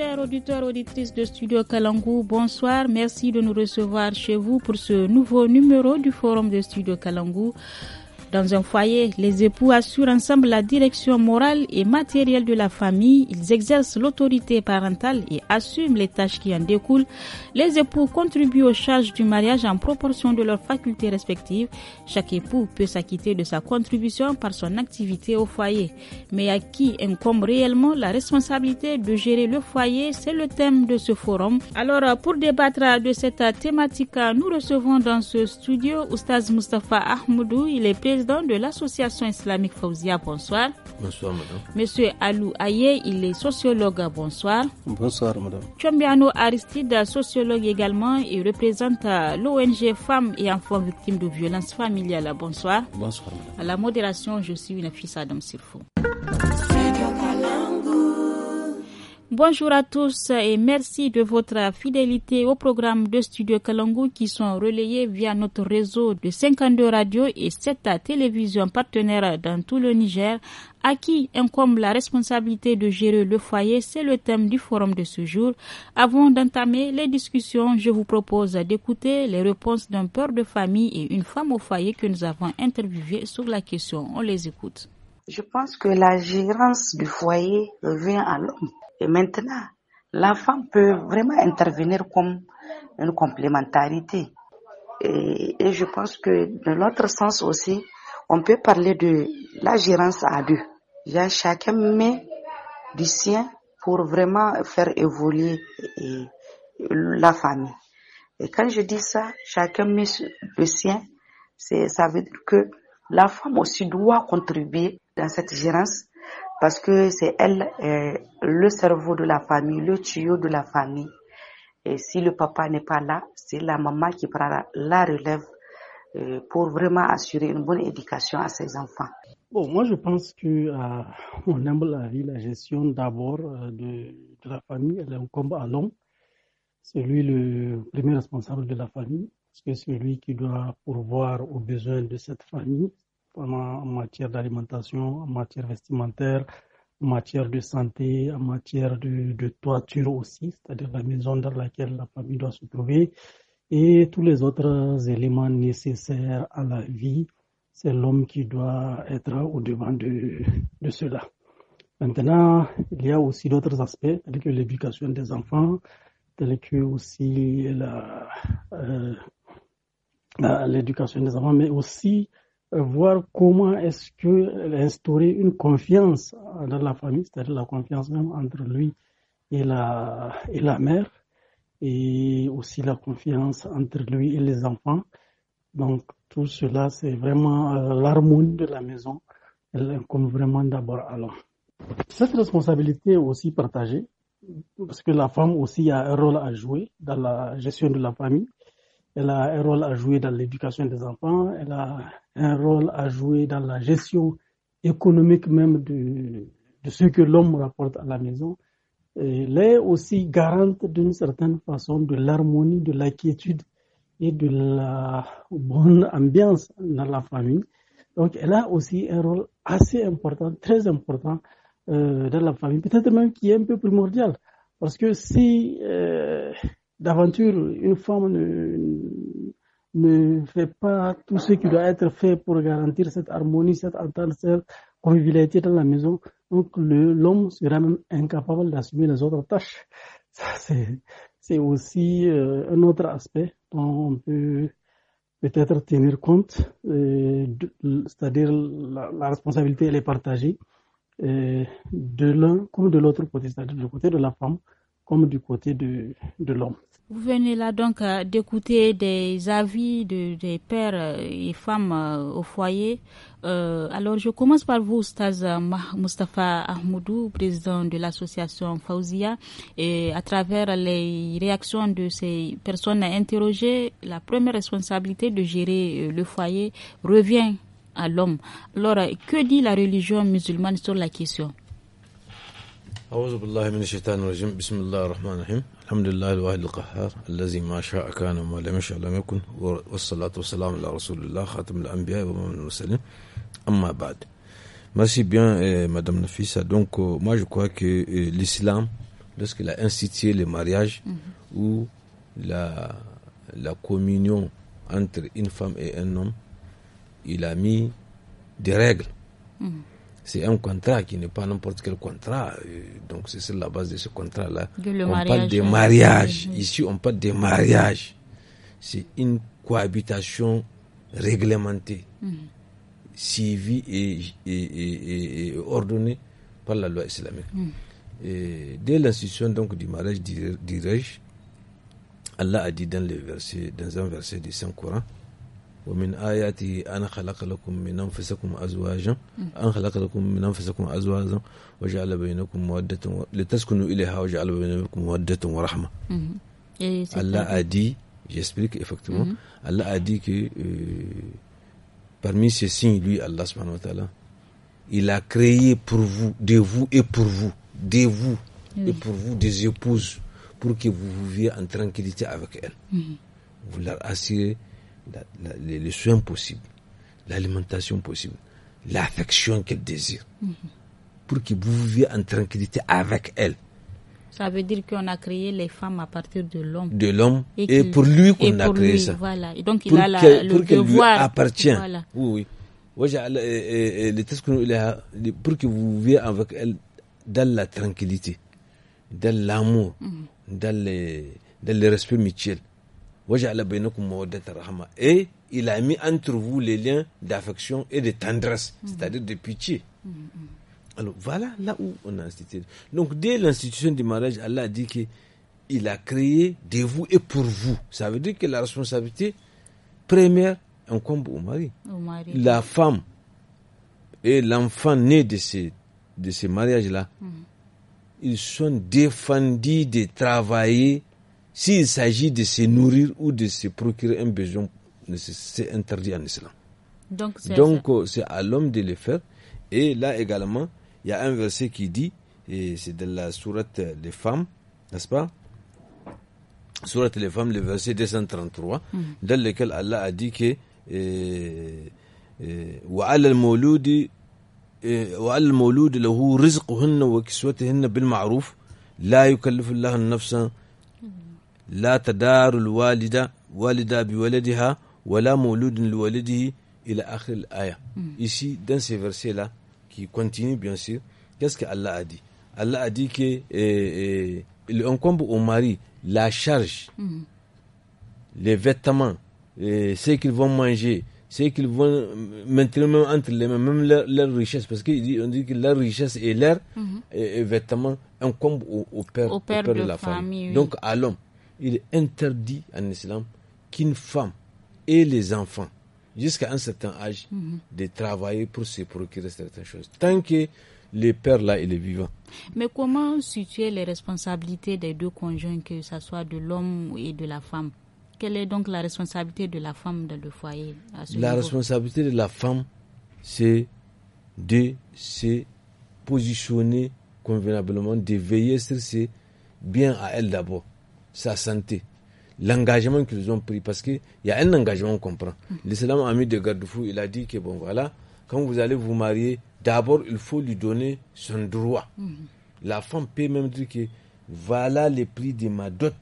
Chers auditeurs, auditrices de Studio Kalangou, bonsoir. Merci de nous recevoir chez vous pour ce nouveau numéro du Forum de Studio Kalangou. Dans un foyer, les époux assurent ensemble la direction morale et matérielle de la famille, ils exercent l'autorité parentale et assument les tâches qui en découlent. Les époux contribuent aux charges du mariage en proportion de leurs facultés respectives. Chaque époux peut s'acquitter de sa contribution par son activité au foyer. Mais à qui incombe réellement la responsabilité de gérer le foyer, c'est le thème de ce forum. Alors, pour débattre de cette thématique, nous recevons dans ce studio Oustaz Mustafa Ahmoudou, il est président de l'association islamique Fawzia, bonsoir. Bonsoir, madame. Monsieur Alou Aye, il est sociologue, bonsoir. Bonsoir, madame. Chombiano Aristide, sociologue également, il représente euh, l'ONG Femmes et Enfants Victimes de Violences Familiales, bonsoir. Bonsoir, madame. À la modération, je suis une fille Adam Sifou. Bonjour à tous et merci de votre fidélité au programme de Studio Kalangu qui sont relayés via notre réseau de 52 radios et 7 télévisions partenaires dans tout le Niger à qui incombe la responsabilité de gérer le foyer, c'est le thème du forum de ce jour. Avant d'entamer les discussions, je vous propose d'écouter les réponses d'un père de famille et une femme au foyer que nous avons interviewé sur la question. On les écoute. Je pense que la gérance du foyer revient à l'homme. Et maintenant, la femme peut vraiment intervenir comme une complémentarité. Et, je pense que de l'autre sens aussi, on peut parler de la gérance à deux. chacun met du sien pour vraiment faire évoluer la famille. Et quand je dis ça, chacun met le sien, ça veut dire que la femme aussi doit contribuer dans cette gérance parce que c'est elle euh, le cerveau de la famille, le tuyau de la famille. Et si le papa n'est pas là, c'est la maman qui prendra la relève euh, pour vraiment assurer une bonne éducation à ses enfants. Bon, moi je pense que euh, on aime la vie, la gestion d'abord de, la famille, elle est combat à long. C'est lui le premier responsable de la famille, parce que c'est lui qui doit pourvoir aux besoins de cette famille, en matière d'alimentation, en matière vestimentaire, en matière de santé, en matière de, de toiture aussi, c'est-à-dire la maison dans laquelle la famille doit se trouver, et tous les autres éléments nécessaires à la vie. C'est l'homme qui doit être au devant de, de cela. Maintenant, il y a aussi d'autres aspects, tels que l'éducation des enfants, tels que aussi la, euh, l'éducation des enfants, mais aussi voir comment est-ce que instaurer une confiance dans la famille, c'est-à-dire la confiance même entre lui et la, et la mère, et aussi la confiance entre lui et les enfants. Donc tout cela, c'est vraiment euh, l'harmonie de la maison, elle comme vraiment d'abord à l'homme. Cette responsabilité est aussi partagée, parce que la femme aussi a un rôle à jouer dans la gestion de la famille, elle a un rôle à jouer dans l'éducation des enfants, elle a un rôle à jouer dans la gestion économique même de, ce que l'homme rapporte à la maison. Elle est aussi garante d'une certaine façon de l'harmonie, de la quiétude et de la bonne ambiance dans la famille. Donc elle a aussi un rôle assez important, très important euh, dans la famille, peut-être même qui est un peu primordial. Parce que si euh, d'aventure une femme ne, ne fait pas tout ce qui doit être fait pour garantir cette harmonie, cette entente, cette convivialité dans la maison, donc l'homme sera même incapable d'assumer les autres tâches. Ça, c'est aussi euh, un autre aspect dont on peut peut-être tenir compte, euh, c'est-à-dire la, responsabilité, elle est partagée euh, de l'un comme de l'autre côté, c'est-à-dire du côté de la femme, comme du côté de, l'homme. Vous venez là donc euh, d'écouter des avis de, des pères euh, et femmes euh, au foyer. alors je commence par vous, Staz Mustafa Ahmoudou, président de l'association Fawzia, Et à travers les réactions de ces personnes interrogées, la première responsabilité de gérer le foyer revient à l'homme. Alors que dit la religion musulmane sur la question أعوذ بالله من الشيطان الرجيم بسم الله الرحمن الرحيم الحمد لله الواحد القهار الذي ما شاء كان وما لم يشاء لم يكن والصلاة والسلام على رسول الله خاتم الأنبياء ومن المرسلين أما بعد Merci bien, eh, Madame Nafisa. Donc, euh, moi, je crois que euh, l'islam, lorsqu'il a institué le mariage mm -hmm. ou la, la communion entre une femme et un homme, il a mis des règles. Mm -hmm. c'est un contrat qui n'est pas n'importe quel contrat. Donc c'est la base de ce contrat-là. On parle de hein. mariage. Ici, on parle de mariage. C'est une cohabitation réglementée, civile mhm. suivie et, ordonnée par la loi islamique. Mhm. dès l'institution donc du mariage, dirais-je, Allah a dit dans, le verset, dans un verset du Saint-Coran, ومن آياته أن خلق لكم من أنفسكم أزواجا أن خلق لكم من أنفسكم أزواجا وجعل بينكم مودة و... لتسكنوا إليها وجعل بينكم مودة ورحمة Allah a dit, j'explique effectivement, hmm. Allah a dit que euh, parmi ces signes, lui, Allah subhanahu wa ta'ala, il a créé pour vous, de vous et pour vous, de vous oui. et pour vous des épouses pour que vous viviez en tranquillité avec elles. Mm -hmm. Vous leur assurez les, soins possibles, l'alimentation possible, l'affection qu'elle désire, mhm. pour que vous viviez en tranquillité avec elle. Ça veut dire qu'on a créé les femmes à partir de l'homme. De l'homme. Et, pour lui qu'on a créé ça. Et donc il a la, le Lui appartient. Oui, oui. Pour que vous viviez avec elle dans la tranquillité, dans l'amour, mhm. dans, dans le respect mutuel. Et il a mis entre vous les liens d'affection et de tendresse, mm. c'est-à-dire de pitié. Mm, mm. Alors voilà là où on a institué. Donc dès l'institution du mariage, Allah a dit qu'il a créé de vous et pour vous. Ça veut dire que la responsabilité première incombe au mari. La femme et l'enfant né de ces, de ces mariages-là, ils sont défendus de travailler s'il s'agit de se nourrir ou de se procurer un besoin, c'est interdit en islam. Donc c'est à l'homme de le faire. Et là également, il y a un verset qui dit, et c'est de la sourate des femmes, n'est-ce pas Sourate les femmes, le verset 233, mhm. dans lequel Allah a dit que وعلى المولود وعلى المولود له رزقهن وكسوتهن ici dans ces versets là qui continue bien sûr qu'est-ce que Allah a dit Allah a dit que eh, eh au mari la charge mm. les vêtements eh, ce qu'ils vont manger ce qu'ils vont maintenir même entre les mains, même leur, richesse, parce qu'on dit, on dit que leur richesse et leurs mm-hmm. vêtements incombent au, père, de, la famille. Donc à l'homme il est interdit en islam qu'une femme et les enfants, jusqu'à un certain âge, mhm. de travailler pour se procurer certaines choses. Tant que les pères là, il est vivant. Mais comment situer les responsabilités des deux conjoints, que ce soit de l'homme et de la femme Quelle est donc la responsabilité de la femme dans le foyer La responsabilité de la femme, c'est de se positionner convenablement, de veiller sur ses biens à elle d'abord sa santé, l'engagement qu'ils ont pris, parce qu'il y a un engagement qu'on prend. Mm. L'islam a mis des garde-fous, il a dit que bon voilà, quand vous allez vous marier, d'abord il faut lui donner son droit. Mm. La femme peut même dire que voilà le prix de ma dot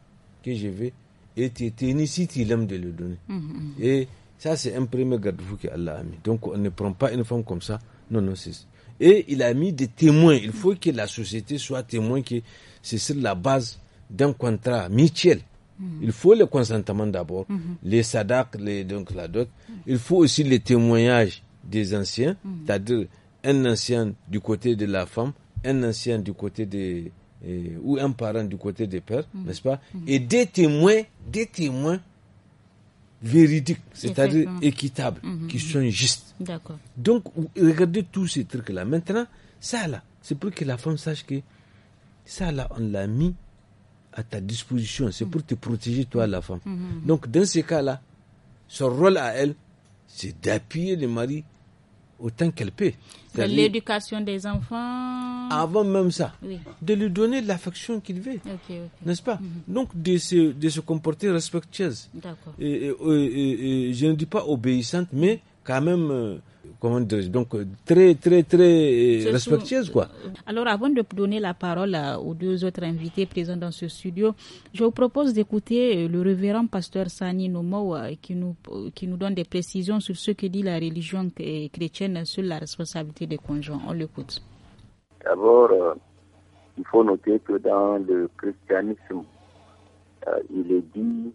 que je vais, et tu es ici, tu l'aimes de le donner. Mm, et ça, c'est un premier garde-fou qu'Allah a mis. Donc on ne prend pas une femme comme ça. Non, non, c'est et il a mis des témoins. Il faut que la société soit témoin que c'est sur la base d'un contrat mutuel. Hmm. Il faut le consentement d'abord, hmm. les sadak, les, donc la dot Il faut aussi les témoignages des anciens, hmm. c'est-à-dire un ancien du côté de la femme, un ancien du côté des, eh, ou un parent du côté des pères, n'est-ce pas Et des témoins, des témoins véridiques, c'est-à-dire équitables, qui sont justes. daccord Donc, regardez tous ces trucs-là. Maintenant, ça là, c'est pour que la femme sache que ça là, on l'a mis à ta disposition. C'est mm. pour te protéger, toi, la femme. Mm-hmm. Mm-hmm. Donc, dans ces cas-là, son rôle à elle, c'est d'appuyer le mari autant qu'elle peut. l'éducation des enfants. Avant même ça, de lui donner l'affection qu'il veut. N'est-ce pas mm-hmm. Donc, de se, comporter respectueuse. Et, et, je ne dis pas obéissante, mais quand même. Euh, donc euh, très, très, très euh, respectueuse. Quoi. Alors, avant de donner la parole euh, aux deux autres invités présents dans ce studio, je vous propose d'écouter le révérend pasteur Sani Nomo qui nous, qui nous donne des précisions sur ce que dit la religion chrétienne sur la responsabilité des conjoints. On l'écoute. D'abord, il faut noter que dans le christianisme, il est dit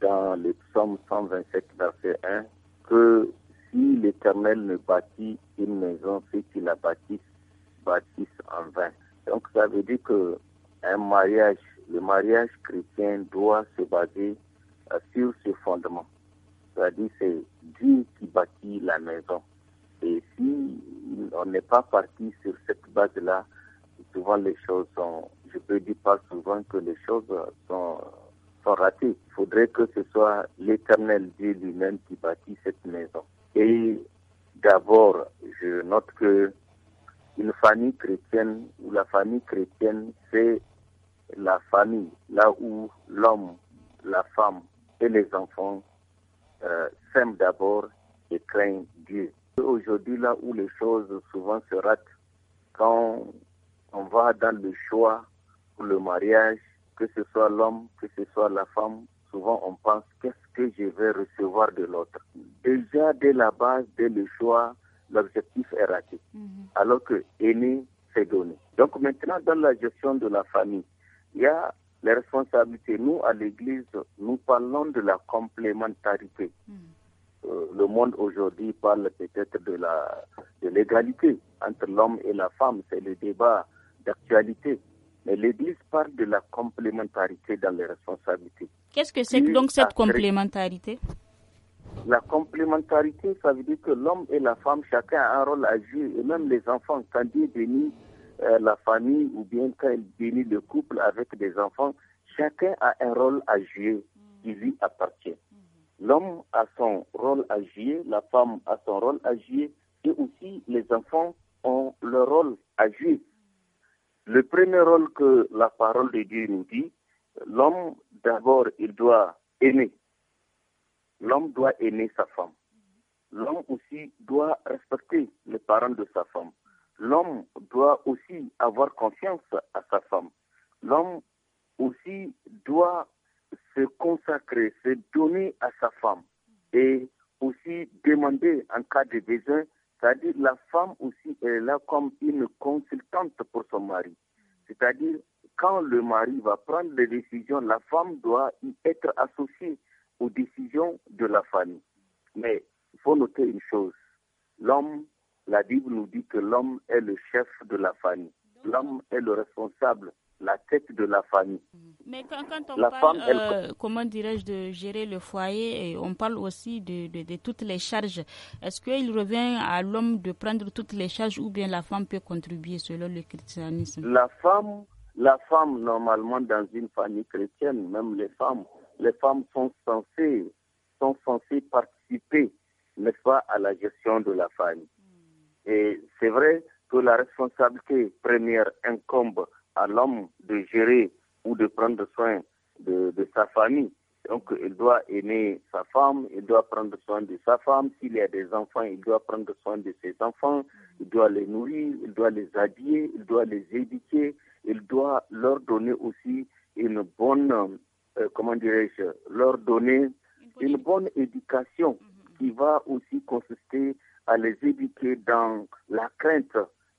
dans le psaume 127, verset 1, que si l'Éternel ne bâtit une maison, c'est qu'il la bâtisse, bâtissent en vain. Donc ça veut dire que un mariage, le mariage chrétien doit se baser euh, sur ce fondement. C'est-à-dire c'est Dieu qui bâtit la maison. Et si on n'est pas parti sur cette base-là, souvent les choses sont, je peux dire pas souvent que les choses sont, sont ratées. Il faudrait que ce soit l'éternel Dieu lui-même qui bâtit cette maison. Et d'abord, je note que une famille chrétienne ou la famille chrétienne, c'est la famille, là où l'homme, la femme et les enfants euh, s'aiment d'abord et craignent Dieu. Aujourd'hui, là où les choses souvent se ratent, quand on va dans le choix pour le mariage, que ce soit l'homme, que ce soit la femme, souvent on pense qu'est-ce je vais recevoir de l'autre. Déjà, dès la base, dès le choix, l'objectif est raté, mhm. alors que aîné, c'est donné. Donc maintenant, dans la gestion de la famille, il y a les responsabilités. Nous, à l'Église, nous parlons de la complémentarité. Mhm. Euh, le monde aujourd'hui parle peut-être de la de l'égalité entre l'homme et la femme. C'est le débat d'actualité l'Église parle de la complémentarité dans les responsabilités. Qu'est-ce que c'est donc cette complémentarité La complémentarité, ça veut dire que l'homme et la femme, chacun a un rôle à jouer, et même les enfants, quand Dieu bénit euh, la famille ou bien quand il bénit le couple avec des enfants, chacun a un rôle à jouer qui lui appartient. L'homme a son rôle à jouer, la femme a son rôle à jouer, et aussi les enfants ont leur rôle à jouer le premier rôle que la parole de Dieu nous dit, l'homme, d'abord, il doit aimer. L'homme doit aimer sa femme. L'homme aussi doit respecter les parents de sa femme. L'homme doit aussi avoir confiance à sa femme. L'homme aussi doit se consacrer, se donner à sa femme et aussi demander en cas de besoin c'est-à-dire la femme aussi est là comme une consultante pour son mari. C'est-à-dire quand le mari va prendre des décisions, la femme doit y être associée aux décisions de la famille. Mais il faut noter une chose. L'homme, la Bible nous dit que l'homme est le chef de la famille. L'homme est le responsable la tête de la famille. Mm. Mais quand, on la parle, femme, euh, comment dirais-je, de gérer le foyer, et on parle aussi de, toutes les charges. Est-ce qu'il revient à l'homme de prendre toutes les charges ou bien la femme peut contribuer selon le christianisme La femme, la femme normalement dans une famille chrétienne, même les femmes, les femmes sont censées, sont censées participer, mais pas, à la gestion de la famille. Mm. Et c'est vrai que la responsabilité première incombe à l'homme de gérer ou de prendre soin de, sa famille. Donc, il doit aimer sa femme, il doit prendre soin de sa femme. S'il y a des enfants, il doit prendre soin de ses enfants, il doit les nourrir, il doit les habiller, il doit les éduquer, il doit leur donner aussi une bonne, euh, comment dirais-je, leur donner une bonne éducation mm-hmm. qui va aussi consister à les éduquer dans la crainte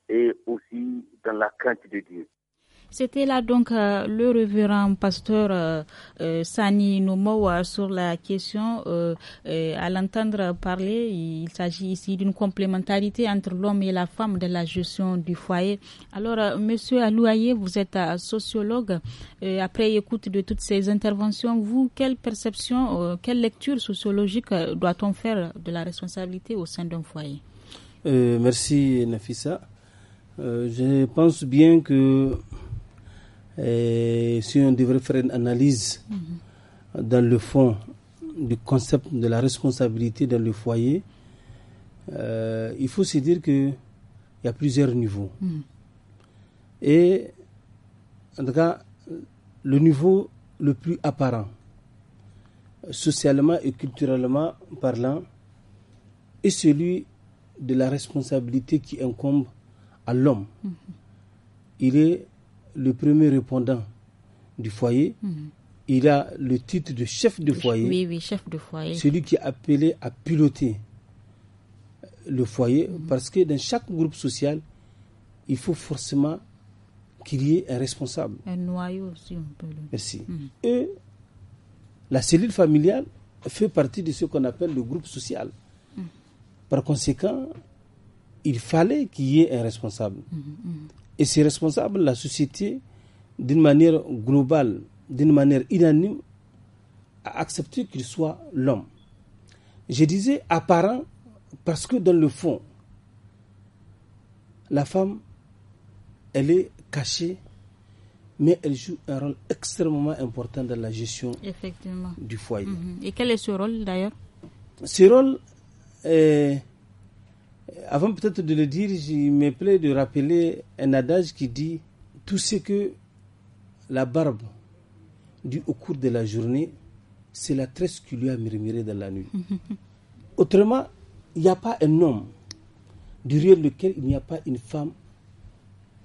et aussi dans la crainte de Dieu. C'était là donc euh, le révérend pasteur euh, euh, Sani Nomowa sur la question. à l'entendre parler, il s'agit ici d'une complémentarité entre l'homme et la femme de la gestion du foyer. Alors, Monsieur Alouaye, vous êtes sociologue. après écoute de toutes ces interventions, vous, quelle perception, quelle lecture sociologique doit-on faire de la responsabilité au sein d'un foyer Merci Nafissa. je pense bien que et si on devrait faire une analyse mhm. dans le fond du concept de la responsabilité dans le foyer, euh, il faut se dire qu'il y a plusieurs niveaux. Mhm. Et en tout cas, le niveau le plus apparent, socialement et culturellement parlant, est celui de la responsabilité qui incombe à l'homme. Mhm. Il est le premier répondant du foyer, mhm. il a le titre de chef de foyer. Oui, oui, chef de foyer. Celui qui est appelé à piloter le foyer, mhm. parce que dans chaque groupe social, il faut forcément qu'il y ait un responsable. Un noyau, aussi, on peut le dire. Merci. Mhm. Et la cellule familiale fait partie de ce qu'on appelle le groupe social. Par conséquent, il fallait qu'il y ait un responsable. Et c'est responsable, la société, d'une manière globale, d'une manière unanime, à accepter qu'il soit l'homme. Je disais apparent parce que dans le fond, la femme, elle est cachée, mais elle joue un rôle extrêmement important dans la gestion du foyer. Mm-hmm. Et quel est ce rôle d'ailleurs Ce rôle, est euh, avant peut-être de le dire, il me plaît de rappeler un adage qui dit tout ce que la barbe du au cours de la journée, c'est la tresse qui lui a murmuré dans la nuit. Autrement, il n'y a pas un homme derrière lequel il n'y a pas une femme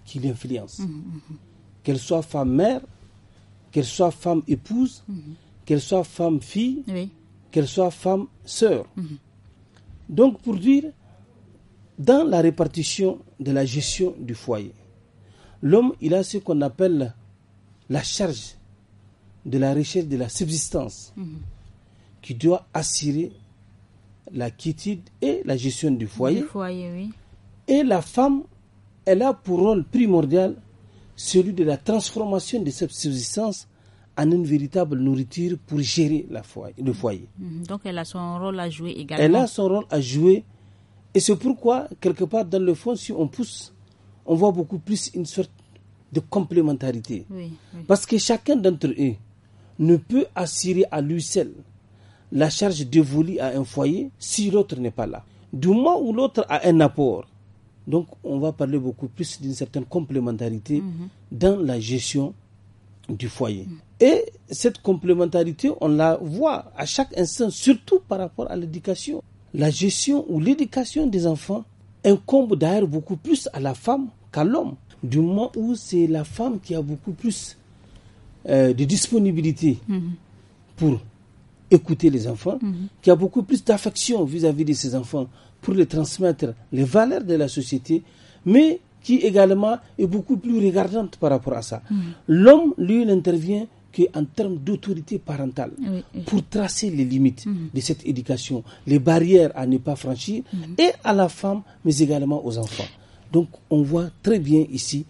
qui l'influence. Qu'elle soit femme mère, qu'elle soit femme épouse, qu'elle soit femme fille, qu'elle soit femme sœur. Donc pour dire, dans la répartition de la gestion du foyer, l'homme, il a ce qu'on appelle la charge de la recherche de la subsistance mhm. qui doit assurer la quiétude et la gestion du foyer. Et la femme, elle a pour rôle primordial celui de la transformation de cette subsistance en une véritable nourriture pour gérer le foyer. Mhm. Donc elle a son rôle à jouer également. Elle a son rôle à jouer et c'est pourquoi, quelque part, dans le fond, si on pousse, on voit beaucoup plus une sorte de complémentarité. Parce que chacun d'entre eux ne peut assurer à lui seul la charge dévolue à un foyer si l'autre n'est pas là. Du moins où l'autre a un apport, donc on va parler beaucoup plus d'une certaine complémentarité mhm. dans la gestion du foyer. Et cette complémentarité, on la voit à chaque instant, surtout par rapport à l'éducation la gestion ou l'éducation des enfants incombe d'ailleurs beaucoup plus à la femme qu'à l'homme. Du moment où c'est la femme qui a beaucoup plus euh, de disponibilité mhm. pour écouter les enfants, mhm. qui a beaucoup plus d'affection vis-à-vis de ses enfants pour les transmettre les valeurs de la société, mais qui également est beaucoup plus regardante par rapport à ça. Mhm. L'homme, lui, il intervient en termes d'autorité parentale, pour tracer les limites mhm. de cette éducation, les barrières à ne pas franchir, mhm. et à la femme, mais également aux enfants. Donc on voit très bien ici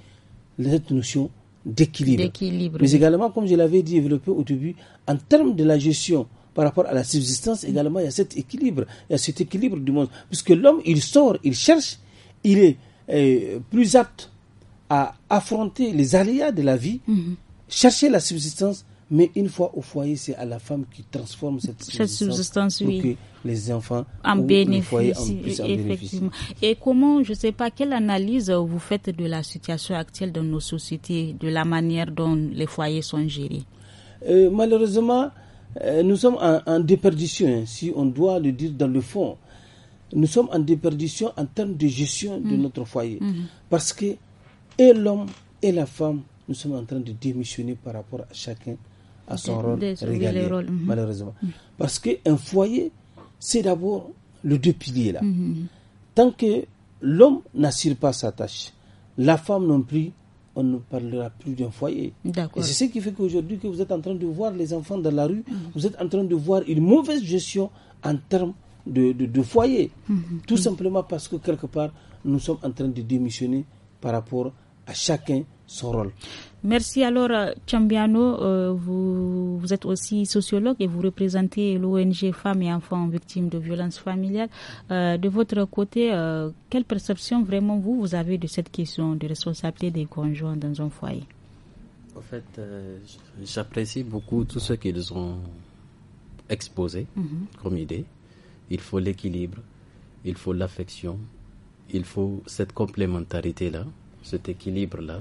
cette notion d'équilibre. Mais également, comme je l'avais développé au début, en termes de la gestion par rapport à la subsistance, mhm. également, il y a cet équilibre, il y a cet équilibre du monde. Puisque l'homme, il sort, il cherche, il est euh, plus apte à affronter les aléas de la vie chercher la subsistance, mais une fois au foyer, c'est à la femme qui transforme cette subsistance, pour que les enfants en bénéficient. effectivement. Et comment, je ne sais pas, quelle analyse vous faites de la situation actuelle dans nos sociétés, de la manière dont les foyers sont gérés euh, Malheureusement, euh, nous sommes en, déperdition, hein, si on doit le dire dans le fond. Nous sommes en déperdition en termes de gestion de mm. notre foyer. Mm-hmm. Parce que et l'homme et la femme nous sommes en train de démissionner par rapport à chacun à son rôle régalé, mhm. malheureusement. parce Parce qu'un foyer, c'est d'abord le deux piliers là. Mhm, mhm. Tant que l'homme n'assure pas sa tâche, la femme non plus, on ne parlera plus d'un foyer. Et c'est ce qui fait qu'aujourd'hui que vous êtes en train de voir les enfants dans la rue, vous êtes en train de voir une mauvaise gestion en termes de, de, de foyer. Tout simplement parce que quelque part, nous sommes en train de démissionner par rapport à à chacun son rôle. Merci. Alors, euh, Chambiano, euh, vous, êtes aussi sociologue et vous représentez l'ONG Femmes et Enfants Victimes de Violences Familiales. Euh, de votre côté, quelle perception vraiment vous, vous avez de cette question de responsabilité des conjoints dans un foyer En fait, j'apprécie beaucoup tout ce qu'ils ont exposé mhm. comme idée. Il faut l'équilibre, il faut l'affection, il faut cette complémentarité-là cet équilibre-là,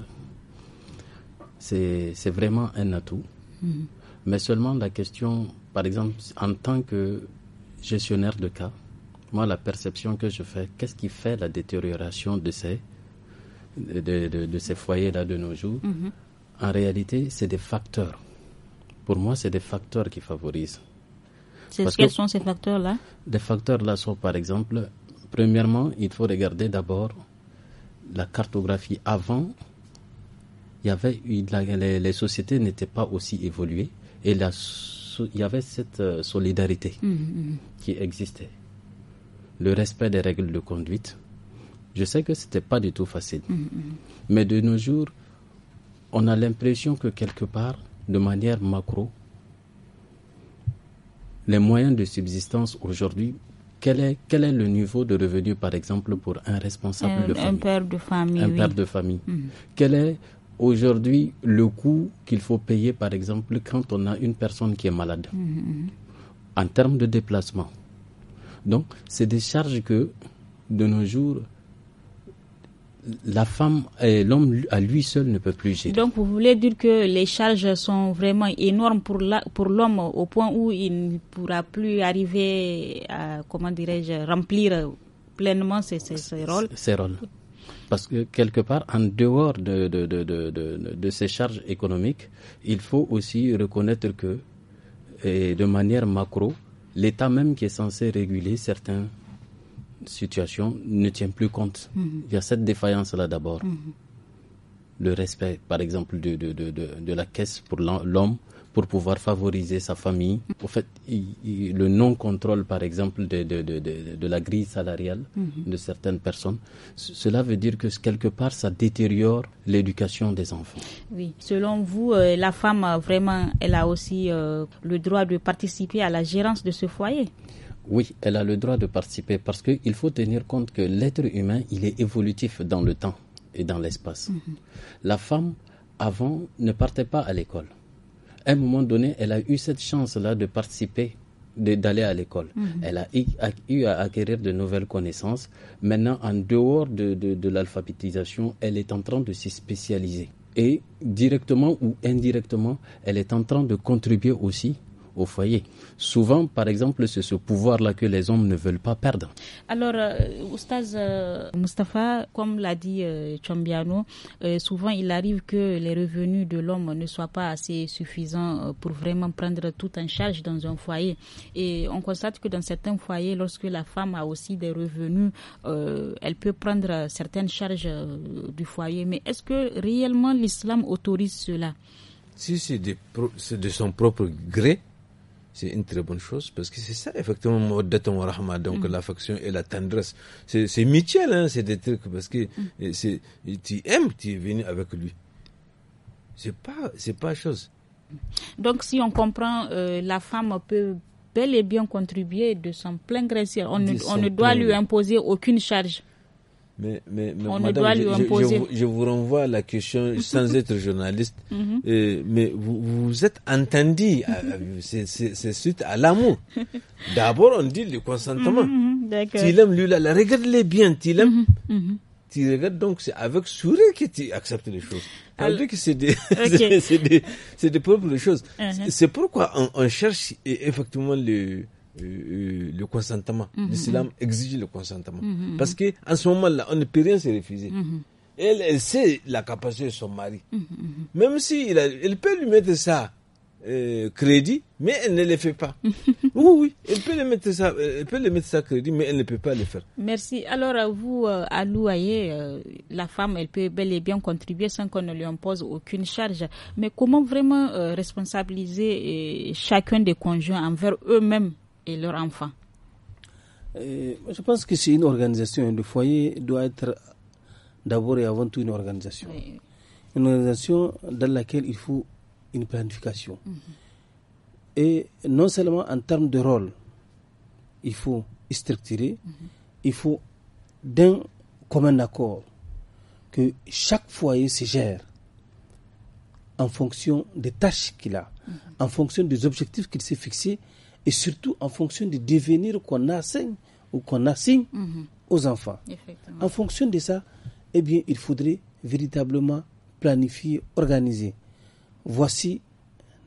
c'est vraiment un atout. Mhm. Mais seulement la question, par exemple, en tant que gestionnaire de cas, moi, la perception que je fais, qu'est-ce qui fait la détérioration de ces, de, ces foyers-là de nos jours mhm. En réalité, c'est des facteurs. Pour moi, c'est des facteurs qui favorisent. Quels sont ces facteurs-là Des facteurs-là sont, par exemple, premièrement, il faut regarder d'abord la cartographie avant, il y avait les, sociétés n'étaient pas aussi évoluées et il y avait cette euh, solidarité mm, mm, mm. qui existait. Le respect des règles de conduite. Je sais que ce n'était pas du tout facile. Mais de nos jours, on a l'impression que quelque part, de manière macro, les moyens de subsistance aujourd'hui quel est, quel est le niveau de revenu, par exemple, pour un responsable de famille Un père de famille. Un père de famille. Mm. Quel est aujourd'hui le coût qu'il faut payer, par exemple, quand on a une personne qui est malade mm, mm, En termes de déplacement. Donc, c'est des charges que, de nos jours, la femme et l'homme à lui seul ne peut plus gérer. Donc vous voulez dire que les charges sont vraiment énormes pour la, pour l'homme au point où il ne pourra plus arriver à comment dirais-je remplir pleinement ses, rôles. Ses rôles. Parce que quelque part, en dehors de, ces charges économiques, il faut aussi reconnaître que, de manière macro, l'État même qui est censé réguler certains situation ne tient plus compte. Mm-hmm. Il y a cette défaillance-là d'abord. Mm-hmm. Le respect, par exemple, de, de, la caisse pour l'homme, pour pouvoir favoriser sa famille. Au fait, le non-contrôle, par exemple, de, la grille salariale mm-hmm. de certaines personnes, cela veut dire que quelque part, ça détériore l'éducation des enfants. Oui. Selon vous, euh, la femme, euh, vraiment, elle a aussi euh, le droit de participer à la gérance de ce foyer oui, elle a le droit de participer parce qu'il faut tenir compte que l'être humain, il est évolutif dans le temps et dans l'espace. Mhm. La femme, avant, ne partait pas à l'école. À un moment donné, elle a eu cette chance-là de participer, d'aller à l'école. Mhm. Elle a eu à acquérir de nouvelles connaissances. Maintenant, en dehors de, de, de l'alphabétisation, elle est en train de s'y spécialiser. Et directement ou indirectement, elle est en train de contribuer aussi au foyer. Souvent, par exemple, c'est ce pouvoir-là que les hommes ne veulent pas perdre. Alors, euh, Oustaz euh, Mustafa, comme l'a dit euh, Chambiano, souvent il arrive que les revenus de l'homme ne soient pas assez suffisants pour vraiment prendre tout en charge dans un foyer. Et on constate que dans certains foyers, lorsque la femme a aussi des revenus, elle peut prendre certaines charges du foyer. Mais est-ce que réellement l'islam autorise cela Si c'est de son propre gré, c'est une très bonne chose parce que c'est ça, effectivement, Rahma, donc mm. l'affection et la tendresse. C'est mutuel, hein, c'est des trucs parce que mm. c'est tu aimes, tu es venu avec lui. C'est pas, c'est pas chose. Donc, si on comprend, euh, la femme peut bel et bien contribuer de son plein gré. on ne doit lui imposer aucune charge. Mais, mais, madame, je, je, vous renvoie à la question sans être journaliste. Mhm. Euh, mais vous vous êtes entendu. Euh, euh, c'est suite à l'amour. D'abord, on dit le consentement. Mhm, mhm, tu l'aimes, lui, là, là regarde-les bien, tu l'aimes. tu regardes donc, c'est avec sourire que tu acceptes les choses. Alors, que c'est des, c'est des, des, propres choses. Uh-huh. C'est pourquoi on, on cherche effectivement le, euh, euh, le consentement. Mhm. L'islam exige le consentement. Mhm. Mhm. Parce que en ce moment-là, on ne peut rien se refuser. elle, elle, sait la capacité de son mari. Même si il elle peut lui mettre ça euh, crédit, mais elle ne le fait pas. oui, oui, elle peut, lui mettre ça, elle peut mettre ça crédit, mais elle ne peut pas le faire. Merci. Alors, vous, à Louaye, la femme, elle peut bel et bien contribuer sans qu'on ne lui impose aucune charge. Mais comment vraiment responsabiliser chacun des conjoints envers eux-mêmes et leurs enfants euh, Je pense que c'est une organisation. Le foyer doit être d'abord et avant tout une organisation. Une organisation dans laquelle il faut une planification. Mhm. Et non seulement en termes de rôle, il faut structurer, mhm. il faut d'un commun accord que chaque foyer se gère en fonction des tâches qu'il a, mhm. en fonction des objectifs qu'il s'est fixés et surtout en fonction du devenir qu'on enseigne ou qu'on assigne mhm. aux enfants. En fonction de ça, eh bien, il faudrait véritablement planifier, organiser. Voici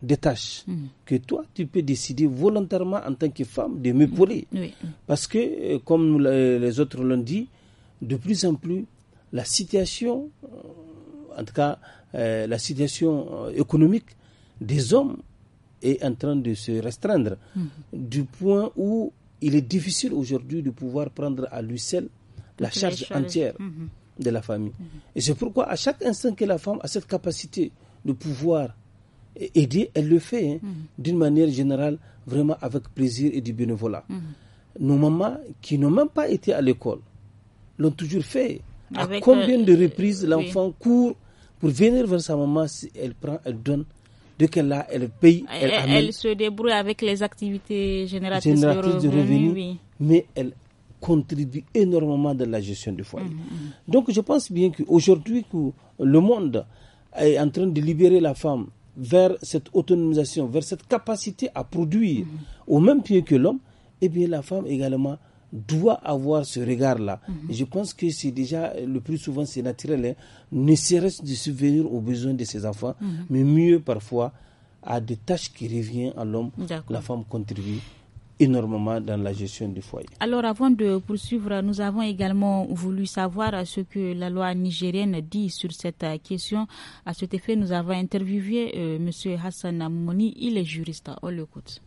des tâches mhm. que toi, tu peux décider volontairement en tant que femme de me Parce que, euh, comme euh, les autres l'ont dit, de plus en plus, la situation euh, en tout cas, euh, la situation euh, économique des hommes est en train de se restreindre, mhm. du point où il est difficile aujourd'hui de pouvoir prendre à lui seul la charge entière mhm. de la famille. Mhm. Et c'est pourquoi à chaque instant que la femme a cette capacité de pouvoir aider, elle le fait hein, d'une manière générale, vraiment avec plaisir et du bénévolat. Nos mamans qui n'ont même pas été à l'école l'ont toujours fait. à euh, combien de reprises l'enfant court pour venir vers sa maman, si elle prend, elle donne. de qu'elle a, elle paye, elle, amène. elle se débrouille avec les activités génératrices, de revenus, mais elle contribue énormément dans la gestion du foyer. Mm, mm, mm. Donc je pense bien qu'aujourd'hui, le monde est en train de libérer la femme vers cette autonomisation, vers cette capacité à produire au même pied que l'homme, et eh bien la femme également doit avoir ce regard-là. Mhm. Je pense que c'est déjà, euh, le plus souvent, c'est naturel, hein. ne serait-ce de subvenir aux besoins de ses enfants, mhm. mais mieux parfois à des tâches qui reviennent à l'homme. La femme contribue énormément dans la gestion du foyer. Alors avant de poursuivre, nous avons également voulu savoir ce que la loi nigérienne dit sur cette euh, question. À cet effet, nous avons interviewé euh, Monsieur M. Hassan Amouni, il est juriste. On l'écoute.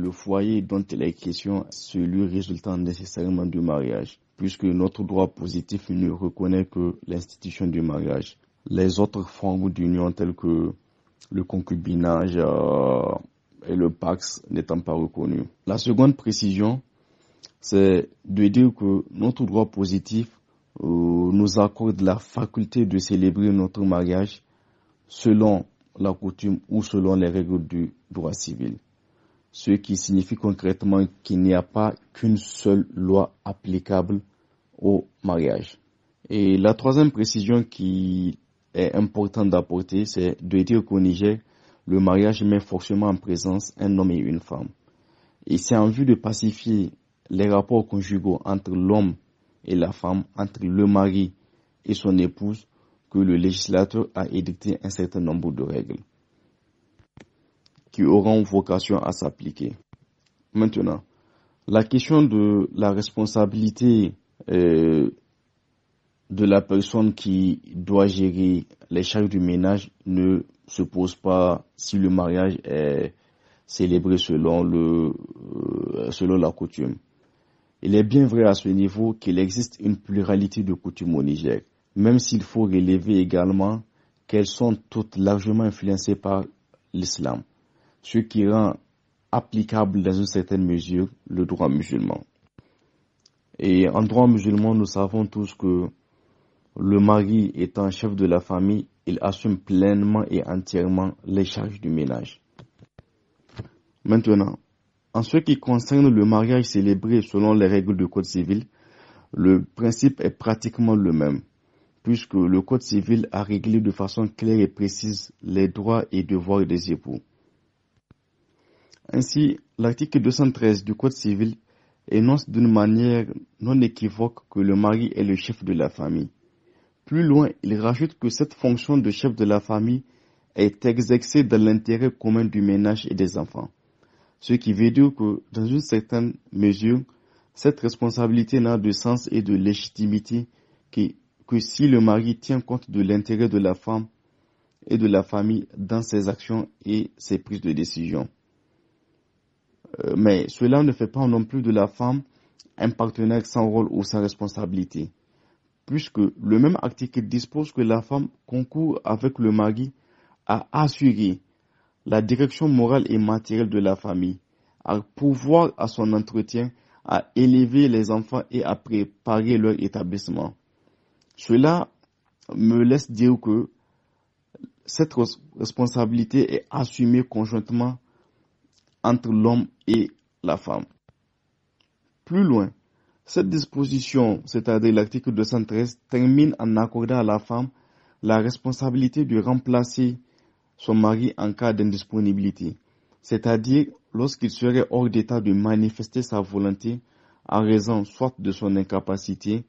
Le foyer dont il est question, celui résultant nécessairement du mariage, puisque notre droit positif ne reconnaît que l'institution du mariage. Les autres formes d'union telles que le concubinage euh, et le pax n'étant pas reconnues. La seconde précision, c'est de dire que notre droit positif euh, nous accorde la faculté de célébrer notre mariage selon la coutume ou selon les règles du droit civil ce qui signifie concrètement qu'il n'y a pas qu'une seule loi applicable au mariage. Et la troisième précision qui est importante d'apporter, c'est de dire qu'au Niger, le mariage met forcément en présence un homme et une femme. Et c'est en vue de pacifier les rapports conjugaux entre l'homme et la femme, entre le mari et son épouse, que le législateur a édicté un certain nombre de règles qui auront vocation à s'appliquer. Maintenant, la question de la responsabilité euh, de la personne qui doit gérer les charges du ménage ne se pose pas si le mariage est célébré selon, le, euh, selon la coutume. Il est bien vrai à ce niveau qu'il existe une pluralité de coutumes au Niger, même s'il faut relever également qu'elles sont toutes largement influencées par l'islam ce qui rend applicable dans une certaine mesure le droit musulman. Et en droit musulman, nous savons tous que le mari étant chef de la famille, il assume pleinement et entièrement les charges du ménage. Maintenant, en ce qui concerne le mariage célébré selon les règles du Code civil, le principe est pratiquement le même, puisque le Code civil a réglé de façon claire et précise les droits et devoirs des époux. Ainsi, l'article 213 du Code civil énonce d'une manière non équivoque que le mari est le chef de la famille. Plus loin, il rajoute que cette fonction de chef de la famille est exercée dans l'intérêt commun du ménage et des enfants. Ce qui veut dire que, dans une certaine mesure, cette responsabilité n'a de sens et de légitimité que, que si le mari tient compte de l'intérêt de la femme et de la famille dans ses actions et ses prises de décision. Euh, mais cela ne fait pas non plus de la femme un partenaire sans rôle ou sans responsabilité. Puisque le même article dispose que la femme concourt avec le mari à assurer la direction morale et matérielle de la famille, à pouvoir à son entretien, à élever les enfants et à préparer leur établissement. Cela me laisse dire que cette responsabilité est assumée conjointement entre l'homme et la femme. Plus loin, cette disposition, c'est-à-dire l'article 213, termine en accordant à la femme la responsabilité de remplacer son mari en cas d'indisponibilité, c'est-à-dire lorsqu'il serait hors d'état de manifester sa volonté à raison soit de son incapacité,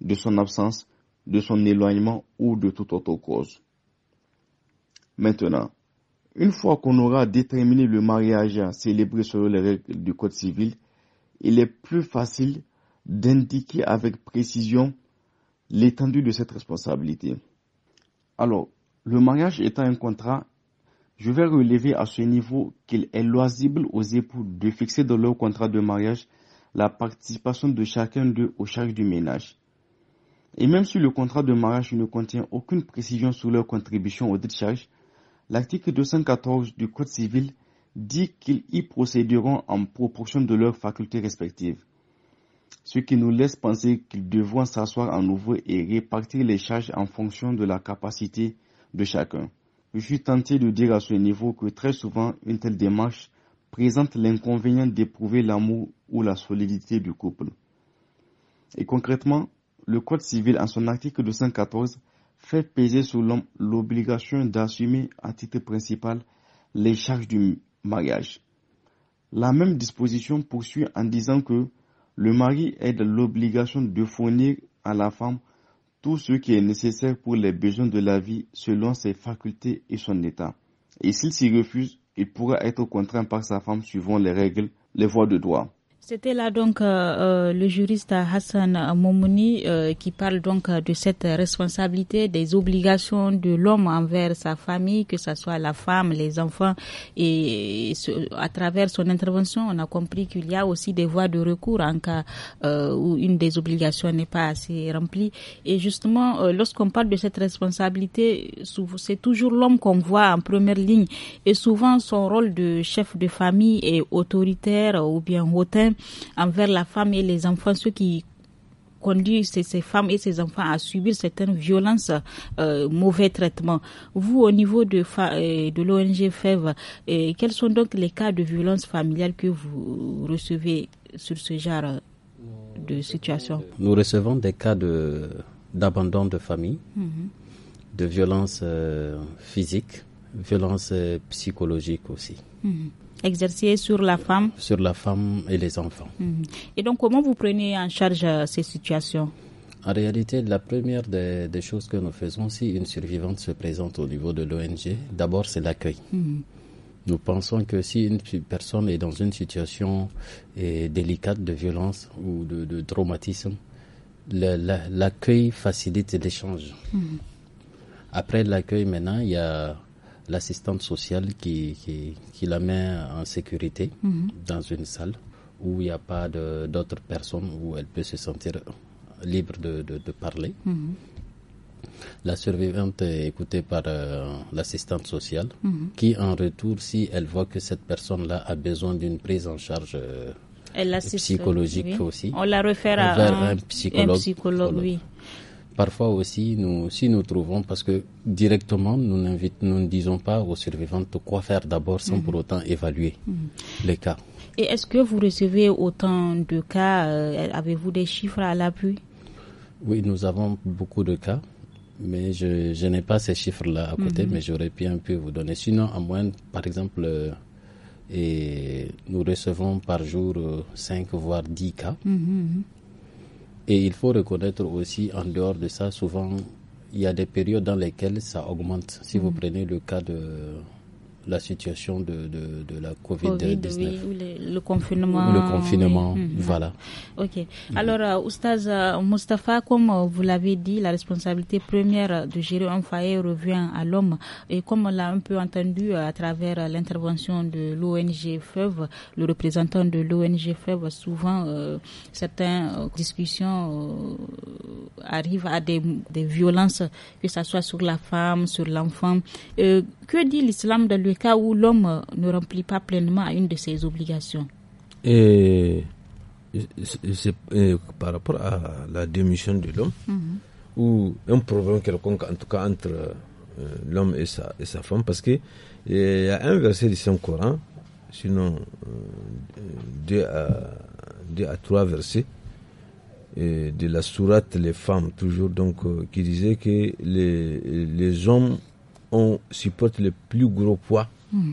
de son absence, de son éloignement ou de toute autre cause. Maintenant, une fois qu'on aura déterminé le mariage célébré selon les règles du Code civil, il est plus facile d'indiquer avec précision l'étendue de cette responsabilité. Alors, le mariage étant un contrat, je vais relever à ce niveau qu'il est loisible aux époux de fixer dans leur contrat de mariage la participation de chacun d'eux aux charges du ménage. Et même si le contrat de mariage ne contient aucune précision sur leur contribution aux décharge, charges, L'article 214 du Code civil dit qu'ils y procéderont en proportion de leurs facultés respectives, ce qui nous laisse penser qu'ils devront s'asseoir à nouveau et répartir les charges en fonction de la capacité de chacun. Je suis tenté de dire à ce niveau que très souvent une telle démarche présente l'inconvénient d'éprouver l'amour ou la solidité du couple. Et concrètement, le Code civil en son article 214 fait peser sur l'homme l'obligation d'assumer à titre principal les charges du mariage. La même disposition poursuit en disant que le mari est de l'obligation de fournir à la femme tout ce qui est nécessaire pour les besoins de la vie selon ses facultés et son état. Et s'il s'y refuse, il pourra être contraint par sa femme suivant les règles, les voies de droit. C'était là donc euh, euh, le juriste Hassan Momouni euh, qui parle donc de cette responsabilité, des obligations de l'homme envers sa famille, que ce soit la femme, les enfants. Et, à travers son intervention, on a compris qu'il y a aussi des voies de recours en cas où une des obligations n'est pas assez remplie. Et justement, lorsqu'on parle de cette responsabilité, c'est toujours l'homme qu'on voit en première ligne. Et souvent, son rôle de chef de famille est autoritaire ou bien hautain envers la femme et les enfants, ceux qui conduisent ces, femmes et ces enfants à subir certaines violences, euh, mauvais traitements. Vous, au niveau de, euh, de l'ONG FEV, euh, quels sont donc les cas de violence familiale que vous recevez sur ce genre de situation Nous recevons des cas d'abandon de, famille, mhm. de violence physique, violence psychologique aussi. Mhm. Exercer sur la femme Sur la femme et les enfants. Mhm. Et donc, comment vous prenez en charge euh, ces situations en réalité, la première des, des, choses que nous faisons si une survivante se présente au niveau de l'ONG, d'abord c'est l'accueil. Mhm. Nous pensons que si une personne est dans une situation eh, délicate de violence ou de, traumatisme, l'accueil facilite l'échange. Mhm. Après l'accueil, maintenant, il y a l'assistante sociale qui, qui, la met en sécurité mhm. dans une salle où il n'y a pas d'autres personnes, où elle peut se sentir libre de, parler. Mhm. La survivante est écoutée par euh, l'assistante sociale mhm. qui, en retour, si elle voit que cette personne-là a besoin d'une prise en charge euh, psychologique aussi, on la réfère à un, psychologue. Parfois aussi, nous, si nous trouvons, parce que directement, nous, nous ne disons pas aux survivantes quoi faire d'abord sans mhm. pour autant évaluer mhm. les cas. Et est-ce que vous recevez autant de cas euh, Avez-vous des chiffres à l'appui Oui, nous avons beaucoup de cas, mais je, n'ai pas ces chiffres-là à côté, mhm. mais j'aurais bien pu vous donner. Sinon, à moins, par exemple, euh, nous recevons par jour 5 euh, voire 10 cas. Et il faut reconnaître aussi, en dehors de ça, souvent, il y a des périodes dans lesquelles ça augmente. Si vous mhm. prenez le cas de la situation de, de, la COVID-19. le, confinement. Le confinement, mhm. voilà. OK. Mhm. Alors, euh, Oustaz euh, Mustafa, comme euh, vous l'avez dit, la responsabilité première de gérer un foyer revient à l'homme. Et comme on l'a un peu entendu à travers l'intervention de l'ONG FEV, le représentant de l'ONG FEV, souvent, certaines discussions arrivent à des, des violences, que ce soit sur la femme, sur l'enfant. que dit l'islam de lui cas où l'homme euh, ne remplit pas pleinement une de ses obligations et, c'est par rapport à la démission de l'homme, mhm. ou un problème quelconque, en tout cas entre euh, l'homme et sa, et sa femme, parce qu'il y a un verset du Saint-Coran, sinon euh, deux, à, deux, trois versets, et de la sourate Les femmes, toujours, donc, qui disait que les, les hommes on supporte le plus gros poids hmm.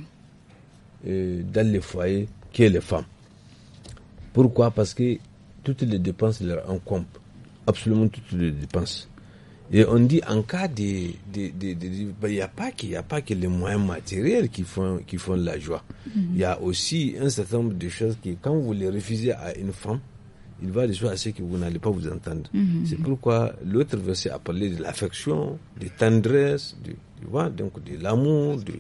euh, dans les foyers que les femmes. Pourquoi Parce que toutes les dépenses leur compte Absolument toutes les dépenses. Et on dit en cas de... Il n'y ben, a, pas qu'il y a pas que les moyens matériels qui font, qui font la joie. Il hmm. y a aussi un certain nombre de choses qui, quand vous les refusez à une femme, il va de soi à que vous n'allez pas vous entendre. Hmm. C'est pourquoi l'autre verset a parlé de l'affection, de tendresse, de donc de l'amour. De...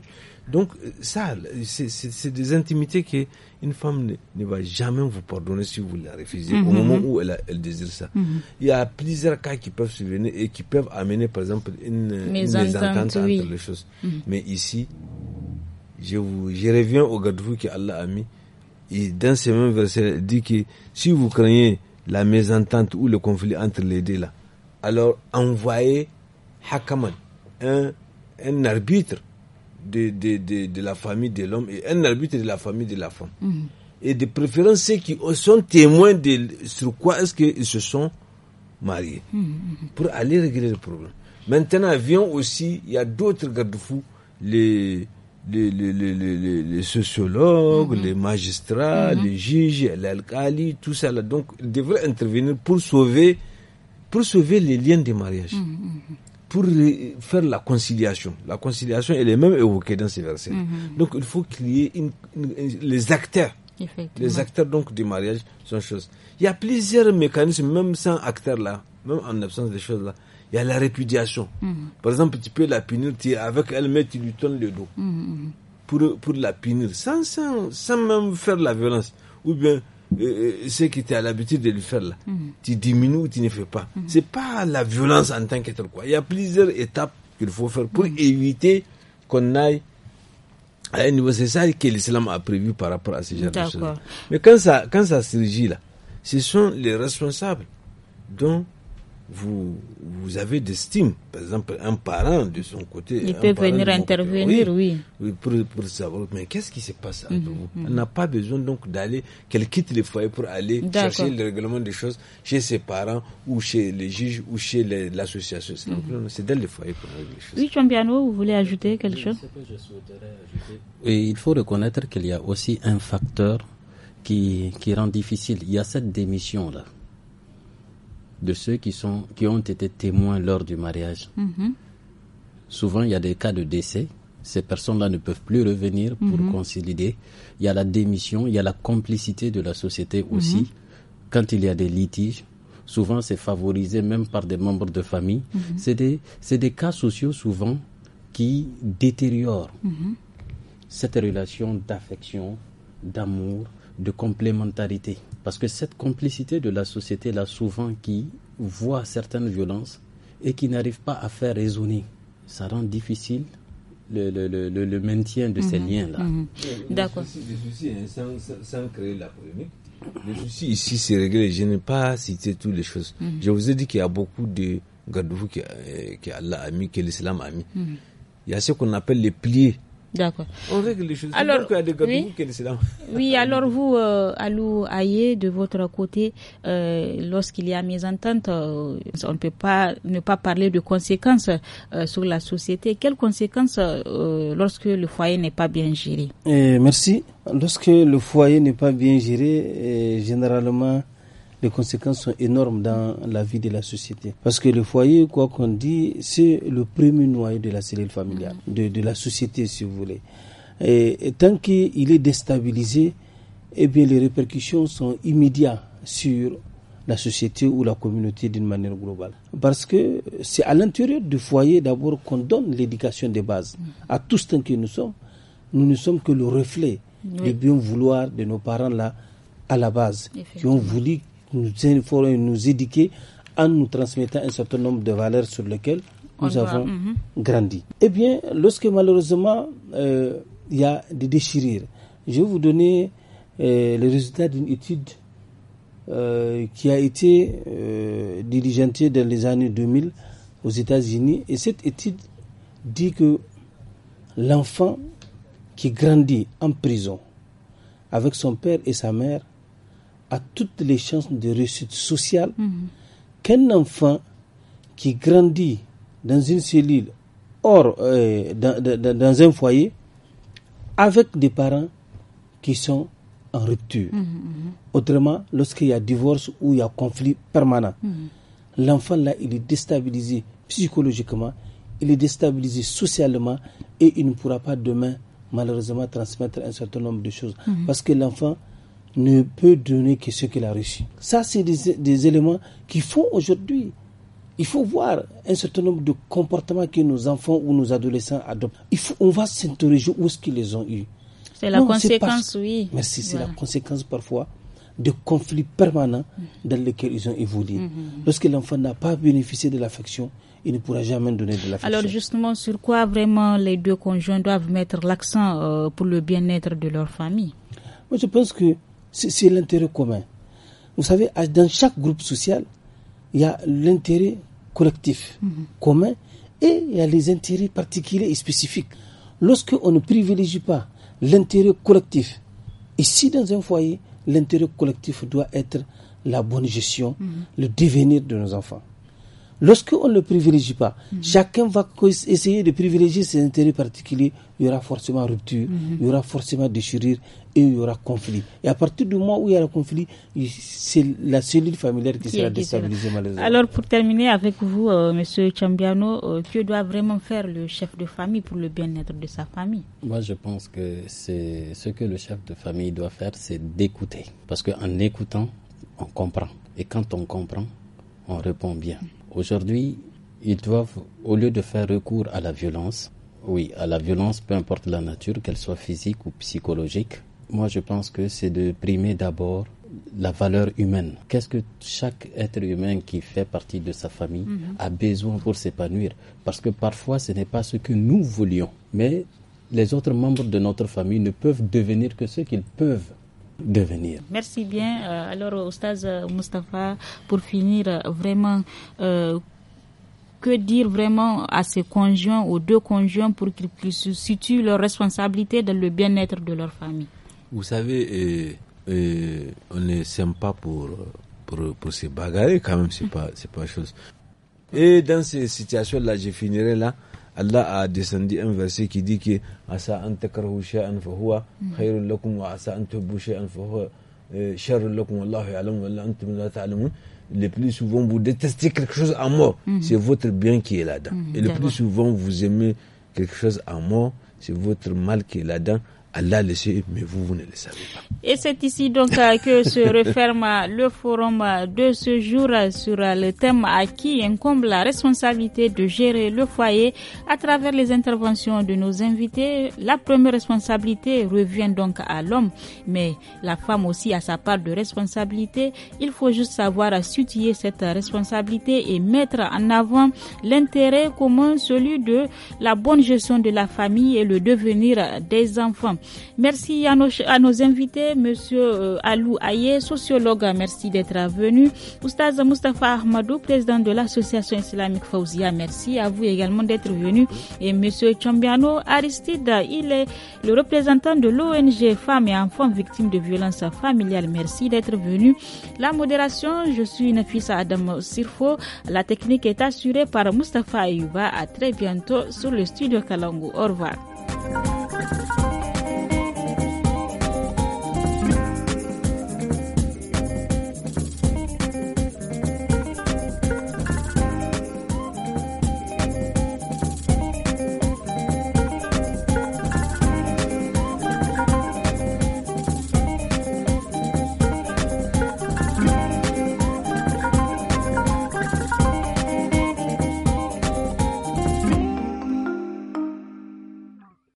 Donc euh, ça, c'est des intimités que une femme ne, va jamais vous pardonner si vous la refusez au mhm. moment où elle, elle désire ça. Mhm. Il y a plusieurs cas qui peuvent venir et qui peuvent amener, par exemple, une, mésentente entre les choses. Mhm. Mais ici, je, vous, je reviens au garde-fou que Allah a mis. Et dans ce même verset, il dit que si vous craignez la mésentente ou le conflit entre les deux là, alors envoyez Hakaman, un un arbitre de, la famille de l'homme et un arbitre de la famille de la femme. Mhm. Et de préférence, ceux qui sont témoins de sur quoi est-ce qu'ils se sont mariés mhm, mhm. pour aller régler le problème. Maintenant, vient aussi, il y a d'autres garde-fous, les, les, les, les, les sociologues, les magistrats, les juges, l'alcali, tout ça. Donc, ils devraient intervenir pour sauver, pour sauver les liens de mariage pour faire la conciliation. La conciliation, elle est même évoquée dans ces versets. Mhm. Donc, il faut qu'il y ait les acteurs. Les acteurs donc du mariage sont choses. Il y a plusieurs mécanismes, même sans acteurs là, même en absence des choses là. Il y a la répudiation. Mhm. Par exemple, tu peux la punir, avec elle, même tu lui tournes le dos. Mhm, pour, pour la punir, sans, sans, sans même faire la violence. Ou bien, ce que tu à l'habitude de le faire là. Mhm. Tu diminues ou tu ne fais pas. Mhm. C'est pas la violence en tant qu'être Quoi. Il y a plusieurs étapes qu'il faut faire pour mhm. éviter qu'on aille à un niveau. C'est ça que l'islam a prévu par rapport à ces genre de choses. Mais quand ça, quand ça surgit là, ce sont les responsables dont vous, vous avez d'estime Par exemple, un parent de son côté. Il peut venir intervenir, oui, oui. Pour, pour savoir, mais qu'est-ce qui se passe mhm, mhm. n'a pas besoin donc d'aller, qu'elle quitte le foyer pour aller chercher le règlement des choses chez ses parents ou chez les juges ou chez l'association. Mhm. C'est dans le foyer qu'on régler les choses. Oui, Chambiano, vous voulez ajouter quelque chose je souhaiterais ajouter. Et il faut reconnaître qu'il y a aussi un facteur qui, qui rend difficile. Il y a cette démission-là de ceux qui, sont, qui ont été témoins lors du mariage. Mhm. Souvent, il y a des cas de décès. Ces personnes-là ne peuvent plus revenir pour mhm. concilier. Il y a la démission, il y a la complicité de la société aussi. Mhm. Quand il y a des litiges, souvent c'est favorisé même par des membres de famille. C'est des, des, cas sociaux souvent qui détériorent cette relation d'affection, d'amour, de complémentarité. Parce que cette complicité de la société, là, souvent, qui voit certaines violences et qui n'arrive pas à faire résonner, ça rend difficile le, le, le, maintien de ces mhm. liens-là. Mhm. D'accord. Le souci, hein, sans, créer la polémique, le souci ici, c'est réglé. Je n'ai pas cité toutes les choses. Mhm. Je vous ai dit qu'il y a beaucoup de Gadoufou qui euh, a mis, que l'islam a mis. Il y a ce qu'on appelle les pliés. D'accord. les choses. Alors, oui, hein. oui, alors vous, euh, Alou de votre côté, euh, lorsqu'il y a mise en euh, on ne peut pas ne pas parler de conséquences euh, sur la société. Quelles conséquences lorsque le foyer n'est pas bien géré eh, Merci. Lorsque le foyer n'est pas bien géré, eh, généralement, les conséquences sont énormes dans la vie de la société. Parce que le foyer, quoi qu'on dit, c'est le premier noyau de la cellule familiale, mm-hmm. de, la société, si vous voulez. Et, tant qu'il est déstabilisé, eh bien, les répercussions sont immédiates sur la société ou la communauté d'une manière globale. Parce que c'est à l'intérieur du foyer d'abord qu'on donne l'éducation des bases. Mm-hmm. À tous tant que nous sommes, nous ne sommes que le reflet oui. du bien vouloir de nos parents là à la base, qui ont voulu nous nous éduquer en nous transmettant un certain nombre de valeurs sur lesquelles nous avons mhm. grandi. Eh bien, lorsque malheureusement euh, il y a des déchirures, je vais vous donner euh, le résultat d'une étude euh, qui a été diligentée dans les années 2000 aux États-Unis. Et cette étude dit que l'enfant qui grandit en prison avec son père et sa mère a toutes les chances de réussite sociale mhm. qu'un enfant qui grandit dans une cellule, hors, euh, dans, dans, un foyer, avec des parents qui sont en rupture. Mhm, mhm. Autrement, lorsqu'il y a divorce ou il y a conflit permanent, l'enfant là, il est déstabilisé psychologiquement, il est déstabilisé socialement et il ne pourra pas demain malheureusement transmettre un certain nombre de choses. Parce que l'enfant, ne peut donner que ce qu'il a reçu. Ça, c'est des, éléments qui font aujourd'hui. Il faut voir un certain nombre de comportements que nos enfants ou nos adolescents adoptent. Il faut, on va s'interroger où est-ce qu'ils les ont eus. C'est la conséquence, oui. Merci, c'est la conséquence parfois de conflits permanents dans lesquels ils ont évolué. Mm-hmm. Lorsque l'enfant n'a pas bénéficié de l'affection, il ne pourra jamais donner de l'affection. Alors justement, sur quoi vraiment les deux conjoints doivent mettre l'accent euh, pour le bien-être de leur famille Moi, je pense que c'est l'intérêt commun. Vous savez, dans chaque groupe social, il y a l'intérêt collectif mhm. commun et il y a les intérêts particuliers et spécifiques. Lorsque on ne privilégie pas l'intérêt collectif, ici dans un foyer, l'intérêt collectif doit être la bonne gestion, mhm. le devenir de nos enfants. Lorsque on ne le privilégie pas, mhm. chacun va essayer de privilégier ses intérêts particuliers, il y aura forcément rupture, il y aura forcément déchirure et il y aura conflit. Et à partir du moment où il y aura conflit, c'est la cellule familiale qui, sera déstabilisée malheureusement. Alors pour terminer avec vous, euh, Monsieur Chambiano, que euh, doit vraiment faire le chef de famille pour le bien-être de sa famille Moi, je pense que c'est ce que le chef de famille doit faire, c'est d'écouter, parce qu'en écoutant, on comprend. Et quand on comprend, on répond bien. Aujourd'hui, ils doivent, au lieu de faire recours à la violence, oui, à la violence, peu importe la nature, qu'elle soit physique ou psychologique, moi, je pense que c'est de primer d'abord la valeur humaine. Qu'est-ce que chaque être humain qui fait partie de sa famille mhm. a besoin pour s'épanouir Parce que parfois, ce n'est pas ce que nous voulions, mais les autres membres de notre famille ne peuvent devenir que ce qu'ils peuvent devenir. Merci bien. Euh, alors, Oustaz Mustafa, pour finir, euh, vraiment, euh, que dire vraiment à ses conjoints, aux deux conjoints, pour qu'ils puissent situent leurs responsabilités dans le bien-être de leur famille vous savez, on est sympa pour, pour, pour se bagarrer quand même, c'est pas, c'est pas chose. Et dans ces situations-là, je finirai là. Allah a descendu un verset qui dit que asa lakum wa euh, lakum Le plus souvent vous détestez quelque chose à mort, mhm. c'est votre bien qui est là-dedans. Mhm. Et le plus souvent vous aimez quelque chose à mort, c'est votre mal qui est là-dedans. Et c'est ici donc euh, que se referme le forum de ce jour sur le thème à qui incombe la responsabilité de gérer le foyer à travers les interventions de nos invités. La première responsabilité revient donc à l'homme, mais la femme aussi a sa part de responsabilité. Il faut juste savoir sutiller cette responsabilité et mettre en avant l'intérêt commun, celui de la bonne gestion de la famille et le devenir des enfants. Merci à nos, invités, Monsieur euh, Alou Aye, sociologue, merci d'être venu. Oustaz Mustafa Ahmadou, président de l'association islamique Fauzia, merci à vous également d'être venu. Et Monsieur Chambiano Aristide, il est le représentant de l'ONG Femmes et Enfants Victimes de Violences Familiales, merci d'être venu. La modération, je suis Nafisa Adam Sirfo. La technique est assurée par Moustapha Ayuba. À très bientôt sur le studio Kalangu. Au revoir.